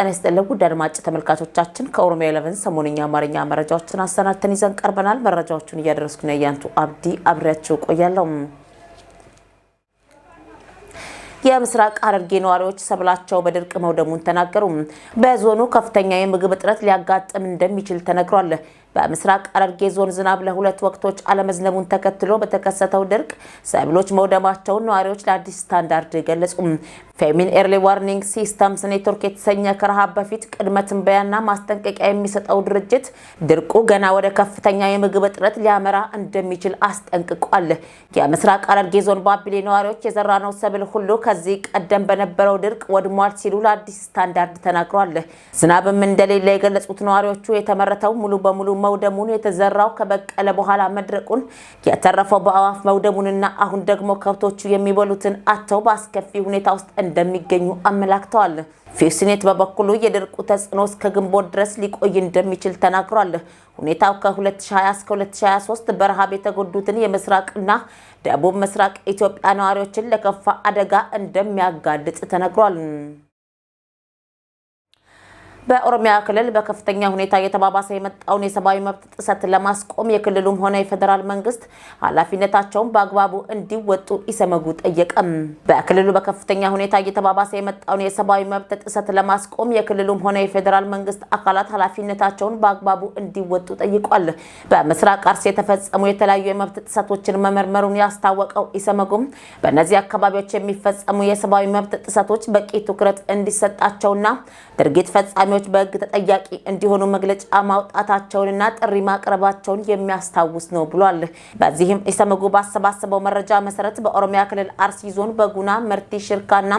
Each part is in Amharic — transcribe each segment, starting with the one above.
ጤና ይስጥልን ውድ አድማጭ ተመልካቾቻችን ከኦሮሚያ ኤሌቨን ሰሞንኛ አማርኛ መረጃዎችን አሰናድተን ይዘን ቀርበናል። መረጃዎቹን እያደረስኩ ነው ያንቱ አብዲ አብሬያቸው ቆያለሁ። የምስራቅ ሐረርጌ ነዋሪዎች ሰብላቸው በድርቅ መውደሙን ተናገሩ። በዞኑ ከፍተኛ የምግብ እጥረት ሊያጋጥም እንደሚችል ተነግሯል። በምስራቅ ሐረርጌ ዞን ዝናብ ለሁለት ወቅቶች አለመዝነቡን ተከትሎ በተከሰተው ድርቅ ሰብሎች መውደማቸውን ነዋሪዎች ለአዲስ ስታንዳርድ ገለጹ። ፌሚን ኤርሊ ዋርኒንግ ሲስተምስ ኔትወርክ የተሰኘ ከረሃብ በፊት ቅድመ ትንበያና ማስጠንቀቂያ የሚሰጠው ድርጅት ድርቁ ገና ወደ ከፍተኛ የምግብ እጥረት ሊያመራ እንደሚችል አስጠንቅቋል። የምስራቅ ሐረርጌ ዞን ባቢሌ ነዋሪዎች የዘራነው ሰብል ሁሉ ከዚህ ቀደም በነበረው ድርቅ ወድሟል ሲሉ ለአዲስ ስታንዳርድ ተናግሯል። ዝናብም እንደሌለ የገለጹት ነዋሪዎቹ የተመረተው ሙሉ በሙሉ መውደሙን የተዘራው ከበቀለ በኋላ መድረቁን የተረፈው በአዋፍ መውደሙንና አሁን ደግሞ ከብቶቹ የሚበሉትን አተው በአስከፊ ሁኔታ ውስጥ እንደሚገኙ አመላክተዋል። ፊውስኔት በበኩሉ የድርቁ ተጽዕኖ እስከ ግንቦት ድረስ ሊቆይ እንደሚችል ተናግሯል። ሁኔታው ከ2020 እስከ 2023 በረሃብ የተጎዱትን የምስራቅና ደቡብ ምስራቅ ኢትዮጵያ ነዋሪዎችን ለከፋ አደጋ እንደሚያጋልጥ ተነግሯል። በኦሮሚያ ክልል በከፍተኛ ሁኔታ እየተባባሰ የመጣውን የሰብአዊ መብት ጥሰት ለማስቆም የክልሉም ሆነ የፌዴራል መንግስት ኃላፊነታቸውን በአግባቡ እንዲወጡ ኢሰመጉ ጠየቀም። በክልሉ በከፍተኛ ሁኔታ እየተባባሰ የመጣውን የሰብአዊ መብት ጥሰት ለማስቆም የክልሉም ሆነ የፌዴራል መንግስት አካላት ኃላፊነታቸውን በአግባቡ እንዲወጡ ጠይቋል። በምስራቅ አርሲ የተፈጸሙ የተለያዩ የመብት ጥሰቶችን መመርመሩን ያስታወቀው ኢሰመጉም በእነዚህ አካባቢዎች የሚፈጸሙ የሰብአዊ መብት ጥሰቶች በቂ ትኩረት እንዲሰጣቸውና ድርጊት ፈጻሚ ተጠርጣሪዎች በሕግ ተጠያቂ እንዲሆኑ መግለጫ ማውጣታቸውንና ጥሪ ማቅረባቸውን የሚያስታውስ ነው ብሏል። በዚህም ኢሰመጉ ባሰባሰበው መረጃ መሰረት በኦሮሚያ ክልል አርሲ ዞን በጉና መርቲ ሽርካና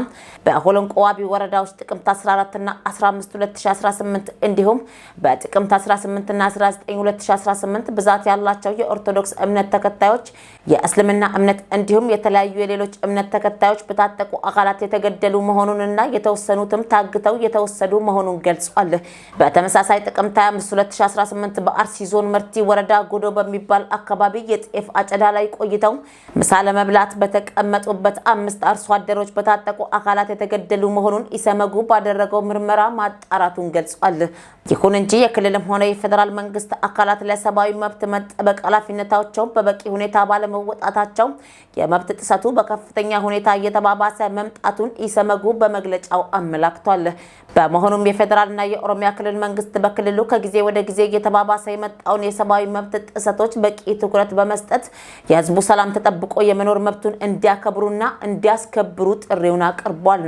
በሆሎንቆ ዋቢ ወረዳዎች ጥቅምት 14ና 15 2018 እንዲሁም በጥቅምት 18ና 19 2018 ብዛት ያላቸው የኦርቶዶክስ እምነት ተከታዮች፣ የእስልምና እምነት እንዲሁም የተለያዩ የሌሎች እምነት ተከታዮች በታጠቁ አካላት የተገደሉ መሆኑንና የተወሰኑትም ታግተው የተወሰዱ መሆኑን ገልጿል። ገልጿል። በተመሳሳይ ጥቅምት 25 2018 በአርሲ ዞን መርቲ ወረዳ ጎዶ በሚባል አካባቢ የጤፍ አጨዳ ላይ ቆይተው ምሳ ለመብላት በተቀመጡበት አምስት አርሶ አደሮች በታጠቁ አካላት የተገደሉ መሆኑን ኢሰመጉ ባደረገው ምርመራ ማጣራቱን ገልጿል። ይሁን እንጂ የክልልም ሆነ የፌዴራል መንግስት አካላት ለሰብአዊ መብት መጠበቅ ኃላፊነታቸውን በበቂ ሁኔታ ባለመወጣታቸው የመብት ጥሰቱ በከፍተኛ ሁኔታ እየተባባሰ መምጣቱን ኢሰመጉ በመግለጫው አመላክቷል። በመሆኑም የፌዴራል ና የኦሮሚያ ክልል መንግስት በክልሉ ከጊዜ ወደ ጊዜ እየተባባሰ የመጣውን የሰብአዊ መብት ጥሰቶች በቂ ትኩረት በመስጠት የህዝቡ ሰላም ተጠብቆ የመኖር መብቱን እንዲያከብሩና እንዲያስከብሩ ጥሪውን አቅርቧል።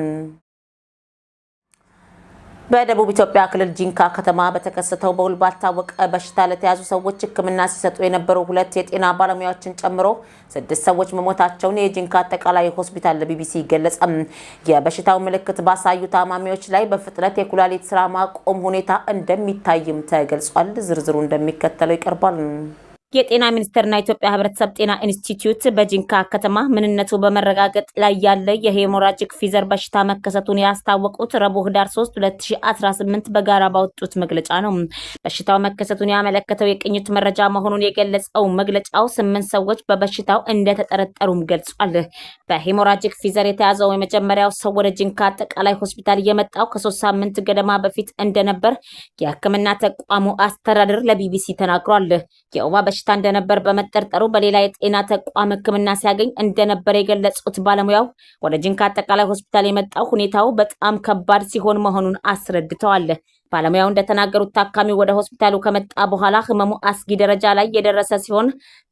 በደቡብ ኢትዮጵያ ክልል ጂንካ ከተማ በተከሰተው በውል ባልታወቀ በሽታ ለተያዙ ሰዎች ሕክምና ሲሰጡ የነበሩ ሁለት የጤና ባለሙያዎችን ጨምሮ ስድስት ሰዎች መሞታቸውን የጂንካ አጠቃላይ ሆስፒታል ለቢቢሲ ገለጸ። የበሽታው ምልክት ባሳዩ ታማሚዎች ላይ በፍጥነት የኩላሊት ስራ ማቆም ሁኔታ እንደሚታይም ተገልጿል። ዝርዝሩ እንደሚከተለው ይቀርባል። የጤና ሚኒስቴርና የኢትዮጵያ ህብረተሰብ ጤና ኢንስቲትዩት በጂንካ ከተማ ምንነቱ በመረጋገጥ ላይ ያለ የሄሞራጂክ ፊዘር በሽታ መከሰቱን ያስታወቁት ረቡዕ ህዳር 3 2018 በጋራ ባወጡት መግለጫ ነው። በሽታው መከሰቱን ያመለከተው የቅኝት መረጃ መሆኑን የገለጸው መግለጫው ስምንት ሰዎች በበሽታው እንደተጠረጠሩም ገልጿል። በሄሞራጂክ ፊዘር የተያዘው የመጀመሪያው ሰው ወደ ጂንካ አጠቃላይ ሆስፒታል የመጣው ከሶስት ሳምንት ገደማ በፊት እንደነበር የህክምና ተቋሙ አስተዳደር ለቢቢሲ ተናግሯል። የወባ በሽታ እንደነበር በመጠርጠሩ በሌላ የጤና ተቋም ሕክምና ሲያገኝ እንደነበር የገለጹት ባለሙያው ወደ ጅንካ አጠቃላይ ሆስፒታል የመጣው ሁኔታው በጣም ከባድ ሲሆን መሆኑን አስረድተዋል። ባለሙያው እንደተናገሩት ታካሚው ወደ ሆስፒታሉ ከመጣ በኋላ ህመሙ አስጊ ደረጃ ላይ የደረሰ ሲሆን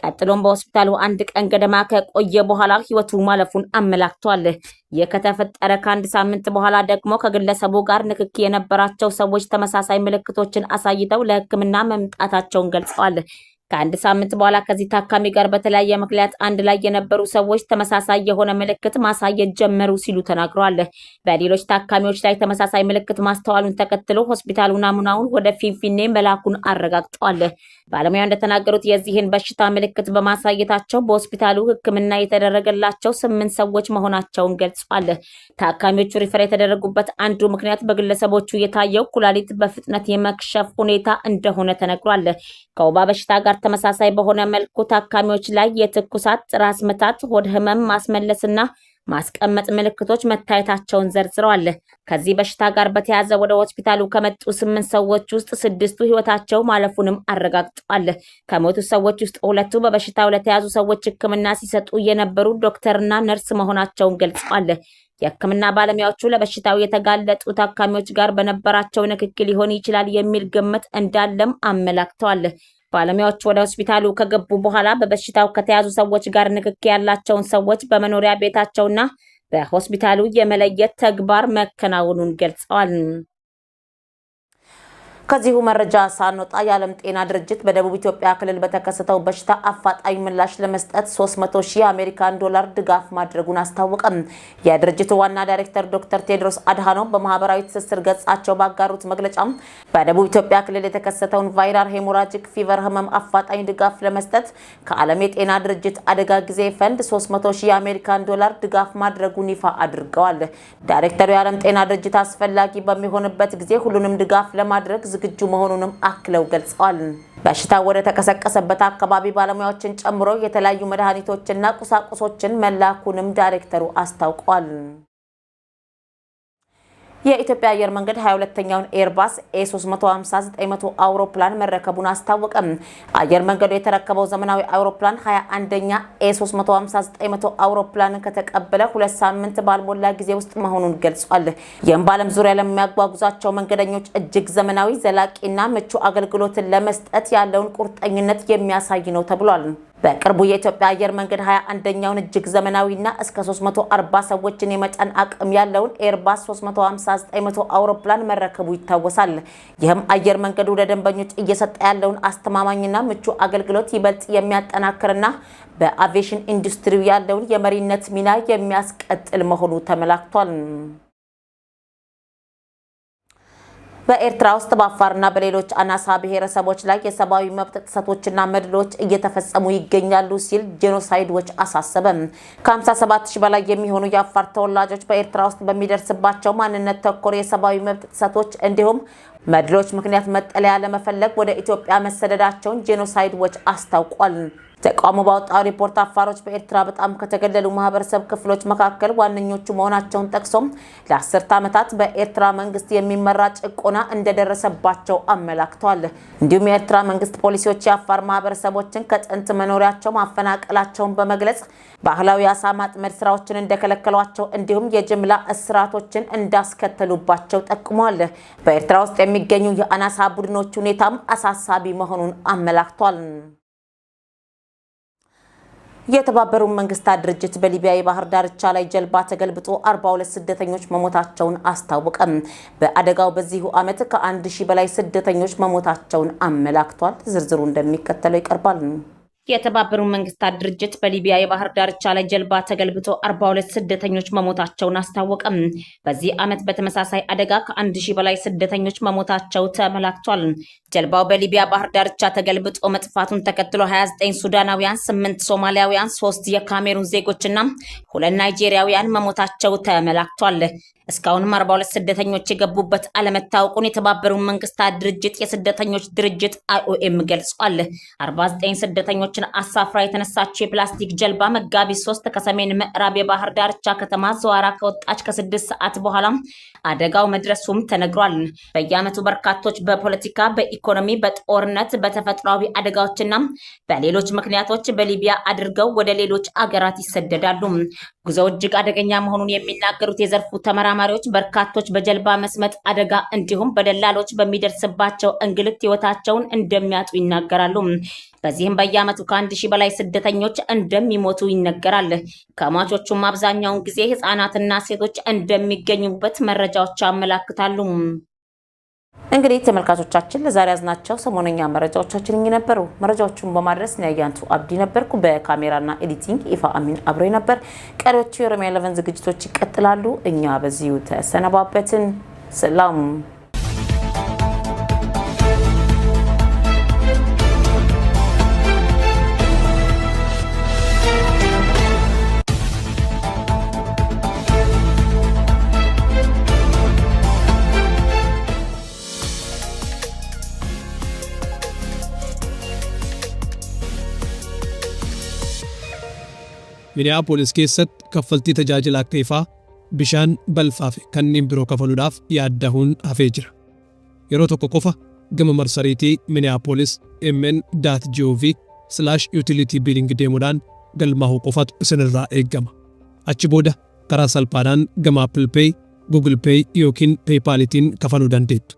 ቀጥሎም በሆስፒታሉ አንድ ቀን ገደማ ከቆየ በኋላ ህይወቱ ማለፉን አመላክቷል። ይህ ከተፈጠረ ከአንድ ሳምንት በኋላ ደግሞ ከግለሰቡ ጋር ንክኪ የነበራቸው ሰዎች ተመሳሳይ ምልክቶችን አሳይተው ለህክምና መምጣታቸውን ገልጸዋል። ከአንድ ሳምንት በኋላ ከዚህ ታካሚ ጋር በተለያየ ምክንያት አንድ ላይ የነበሩ ሰዎች ተመሳሳይ የሆነ ምልክት ማሳየት ጀመሩ ሲሉ ተናግረዋል። በሌሎች ታካሚዎች ላይ ተመሳሳይ ምልክት ማስተዋሉን ተከትሎ ሆስፒታሉ ናሙናውን ወደ ፊንፊኔ መላኩን አረጋግጠዋል። ባለሙያው እንደተናገሩት የዚህን በሽታ ምልክት በማሳየታቸው በሆስፒታሉ ሕክምና የተደረገላቸው ስምንት ሰዎች መሆናቸውን ገልጿል። ታካሚዎቹ ሪፈር የተደረጉበት አንዱ ምክንያት በግለሰቦቹ የታየው ኩላሊት በፍጥነት የመክሸፍ ሁኔታ እንደሆነ ተነግሯል። ከወባ በሽታ ጋር ተመሳሳይ በሆነ መልኩ ታካሚዎች ላይ የትኩሳት፣ ራስ ምታት፣ ሆድ ህመም፣ ማስመለስና ማስቀመጥ ምልክቶች መታየታቸውን ዘርዝረዋል። ከዚህ በሽታ ጋር በተያያዘ ወደ ሆስፒታሉ ከመጡ ስምንት ሰዎች ውስጥ ስድስቱ ህይወታቸው ማለፉንም አረጋግጠዋል። ከሞቱ ሰዎች ውስጥ ሁለቱ በበሽታው ለተያዙ ሰዎች ህክምና ሲሰጡ የነበሩ ዶክተርና ነርስ መሆናቸውን ገልጸዋል። የህክምና ባለሙያዎቹ ለበሽታው የተጋለጡ ታካሚዎች ጋር በነበራቸው ንክክል ሊሆን ይችላል የሚል ግምት እንዳለም አመላክተዋል። ባለሙያዎች ወደ ሆስፒታሉ ከገቡ በኋላ በበሽታው ከተያዙ ሰዎች ጋር ንክኪ ያላቸውን ሰዎች በመኖሪያ ቤታቸውና በሆስፒታሉ የመለየት ተግባር መከናወኑን ገልጸዋል። ከዚሁ መረጃ ሳንወጣ የዓለም ጤና ድርጅት በደቡብ ኢትዮጵያ ክልል በተከሰተው በሽታ አፋጣኝ ምላሽ ለመስጠት 300 ሺህ አሜሪካን ዶላር ድጋፍ ማድረጉን አስታወቀም። የድርጅቱ ዋና ዳይሬክተር ዶክተር ቴድሮስ አድሃኖም በማህበራዊ ትስስር ገጻቸው ባጋሩት መግለጫም በደቡብ ኢትዮጵያ ክልል የተከሰተውን ቫይራል ሄሞራጂክ ፊቨር ህመም አፋጣኝ ድጋፍ ለመስጠት ከዓለም የጤና ድርጅት አደጋ ጊዜ ፈንድ 300 ሺህ አሜሪካን ዶላር ድጋፍ ማድረጉን ይፋ አድርገዋል። ዳይሬክተሩ የዓለም ጤና ድርጅት አስፈላጊ በሚሆንበት ጊዜ ሁሉንም ድጋፍ ለማድረግ ዝግጁ መሆኑንም አክለው ገልጸዋል። በሽታው ወደ ተቀሰቀሰበት አካባቢ ባለሙያዎችን ጨምሮ የተለያዩ መድኃኒቶችና ቁሳቁሶችን መላኩንም ዳይሬክተሩ አስታውቋል። የኢትዮጵያ አየር መንገድ 22ኛውን ኤርባስ ኤ350-900 አውሮፕላን መረከቡን አስታወቀም። አየር መንገዱ የተረከበው ዘመናዊ አውሮፕላን 21ኛ ኤ350-900 አውሮፕላንን ከተቀበለ ሁለት ሳምንት ባልሞላ ጊዜ ውስጥ መሆኑን ገልጿል። ይህም በዓለም ዙሪያ ለሚያጓጉዛቸው መንገደኞች እጅግ ዘመናዊ፣ ዘላቂና ምቹ አገልግሎትን ለመስጠት ያለውን ቁርጠኝነት የሚያሳይ ነው ተብሏል። በቅርቡ የኢትዮጵያ አየር መንገድ 21ኛውን እጅግ ዘመናዊና እስከ 340 ሰዎችን የመጫን አቅም ያለውን ኤርባስ 359 አውሮፕላን መረከቡ ይታወሳል። ይህም አየር መንገዱ ለደንበኞች እየሰጠ ያለውን አስተማማኝና ምቹ አገልግሎት ይበልጥ የሚያጠናክርና በአቪዬሽን ኢንዱስትሪው ያለውን የመሪነት ሚና የሚያስቀጥል መሆኑ ተመላክቷል። በኤርትራ ውስጥ በአፋርና በሌሎች አናሳ ብሔረሰቦች ላይ የሰብአዊ መብት ጥሰቶችና መድሎች እየተፈጸሙ ይገኛሉ ሲል ጄኖሳይዶች አሳሰበም። ከ57 ሺህ በላይ የሚሆኑ የአፋር ተወላጆች በኤርትራ ውስጥ በሚደርስባቸው ማንነት ተኮር የሰብአዊ መብት ጥሰቶች እንዲሁም መድሎች ምክንያት መጠለያ ለመፈለግ ወደ ኢትዮጵያ መሰደዳቸውን ጄኖሳይድ ዎች አስታውቋል። ተቋሙ ባወጣው ሪፖርት አፋሮች በኤርትራ በጣም ከተገለሉ ማህበረሰብ ክፍሎች መካከል ዋነኞቹ መሆናቸውን ጠቅሶም ለአስርት ዓመታት በኤርትራ መንግስት የሚመራ ጭቆና እንደደረሰባቸው አመላክቷል። እንዲሁም የኤርትራ መንግስት ፖሊሲዎች የአፋር ማህበረሰቦችን ከጥንት መኖሪያቸው ማፈናቀላቸውን በመግለጽ ባህላዊ አሳ ማጥመድ ስራዎችን እንደከለከሏቸው እንዲሁም የጅምላ እስራቶችን እንዳስከተሉባቸው ጠቅሟል። በኤርትራ ውስጥ የሚ የሚገኙ የአናሳ ቡድኖች ሁኔታም አሳሳቢ መሆኑን አመላክቷል። የተባበሩት መንግስታት ድርጅት በሊቢያ የባህር ዳርቻ ላይ ጀልባ ተገልብጦ 42 ስደተኞች መሞታቸውን አስታወቀም። በአደጋው በዚሁ ዓመት ከ1000 በላይ ስደተኞች መሞታቸውን አመላክቷል። ዝርዝሩ እንደሚከተለው ይቀርባል። የተባበሩ መንግስታት ድርጅት በሊቢያ የባህር ዳርቻ ላይ ጀልባ ተገልብቶ 42 ስደተኞች መሞታቸውን አስታወቀም። በዚህ ዓመት በተመሳሳይ አደጋ ከ1000 በላይ ስደተኞች መሞታቸው ተመላክቷል። ጀልባው በሊቢያ ባህር ዳርቻ ተገልብጦ መጥፋቱን ተከትሎ 29 ሱዳናውያን፣ 8 ሶማሊያውያን፣ 3 የካሜሩን ዜጎችና ሁለት ናይጄሪያውያን መሞታቸው ተመላክቷል። እስካሁንም 42 ስደተኞች የገቡበት አለመታወቁን የተባበሩት መንግስታት ድርጅት የስደተኞች ድርጅት አይኦኤም ገልጿል። 49 ስደተኞችን አሳፍራ የተነሳችው የፕላስቲክ ጀልባ መጋቢት 3 ከሰሜን ምዕራብ የባህር ዳርቻ ከተማ ዘዋራ ከወጣች ከስድስት ሰዓት በኋላ አደጋው መድረሱም ተነግሯል። በየአመቱ በርካቶች በፖለቲካ በ ኢኮኖሚ በጦርነት በተፈጥሯዊ አደጋዎችና በሌሎች ምክንያቶች በሊቢያ አድርገው ወደ ሌሎች አገራት ይሰደዳሉ። ጉዞው እጅግ አደገኛ መሆኑን የሚናገሩት የዘርፉ ተመራማሪዎች በርካቶች በጀልባ መስመጥ አደጋ እንዲሁም በደላሎች በሚደርስባቸው እንግልት ህይወታቸውን እንደሚያጡ ይናገራሉ። በዚህም በየዓመቱ ከአንድ ሺህ በላይ ስደተኞች እንደሚሞቱ ይነገራል። ከሟቾቹም አብዛኛውን ጊዜ ህፃናትና ሴቶች እንደሚገኙበት መረጃዎች ያመላክታሉ። እንግዲህ ተመልካቾቻችን ለዛሬ ያዝናቸው ሰሞነኛ መረጃዎቻችን እኚህ ነበሩ። መረጃዎቹን በማድረስ ኒያያንቱ አብዲ ነበርኩ። በካሜራና ኤዲቲንግ ኢፋ አሚን አብሮኝ ነበር። ቀሪዎቹ የኦሮሚያ ኤሌቨን ዝግጅቶች ይቀጥላሉ። እኛ በዚሁ ተሰነባበትን። ሰላም Miniyaapolis keessatti kaffaltii tajaajila akka ifaa bishaan balfaa fi kanneen biroo kafaluudhaaf yaaddahuun hafee jira. Yeroo tokko qofa gama marsariitii Miniyaapolis MN gov slash utility billing deemuudhaan galmaa'uu qofatu irraa eeggama. Achi booda karaa salphaadhaan gama Apple Pay, Google Pay yookiin PayPaalitiin kafaluu dandeettu.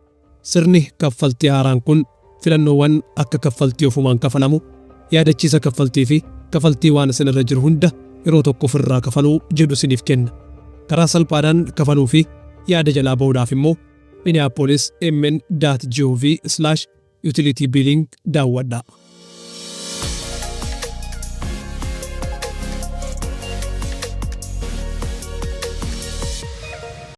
Sirni kaffaltii haaraan kun filannoowwan akka kaffaltii ofumaan kafanamu, yaadachiisa kaffaltii fi kaffaltii waan isinirra jiru hunda yeroo tokko ofirraa kafaluu jedhu siniif kenna. Karaa salphaadhaan kafaluu fi yaada jalaa ba'uudhaaf immoo minneapolis mn.gov/utility billing daawwadhaa.